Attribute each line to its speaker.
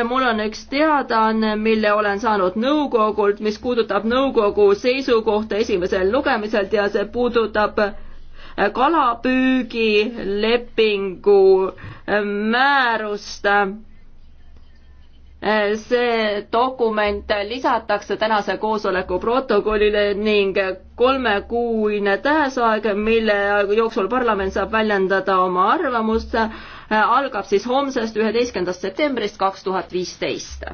Speaker 1: mul on üks teadaanne, mille olen saanud nõukogult, mis puudutab nõukogu seisukohta esimesel lugemisel ja see puudutab kalapüügilepingu määrust. see dokument lisatakse tänase koosoleku protokollile ning kolmekuuine tähtaeg, mille jooksul parlament saab väljendada oma arvamust Äh, algab siis homsest, üheteistkümnendast septembrist kaks tuhat
Speaker 2: viisteist.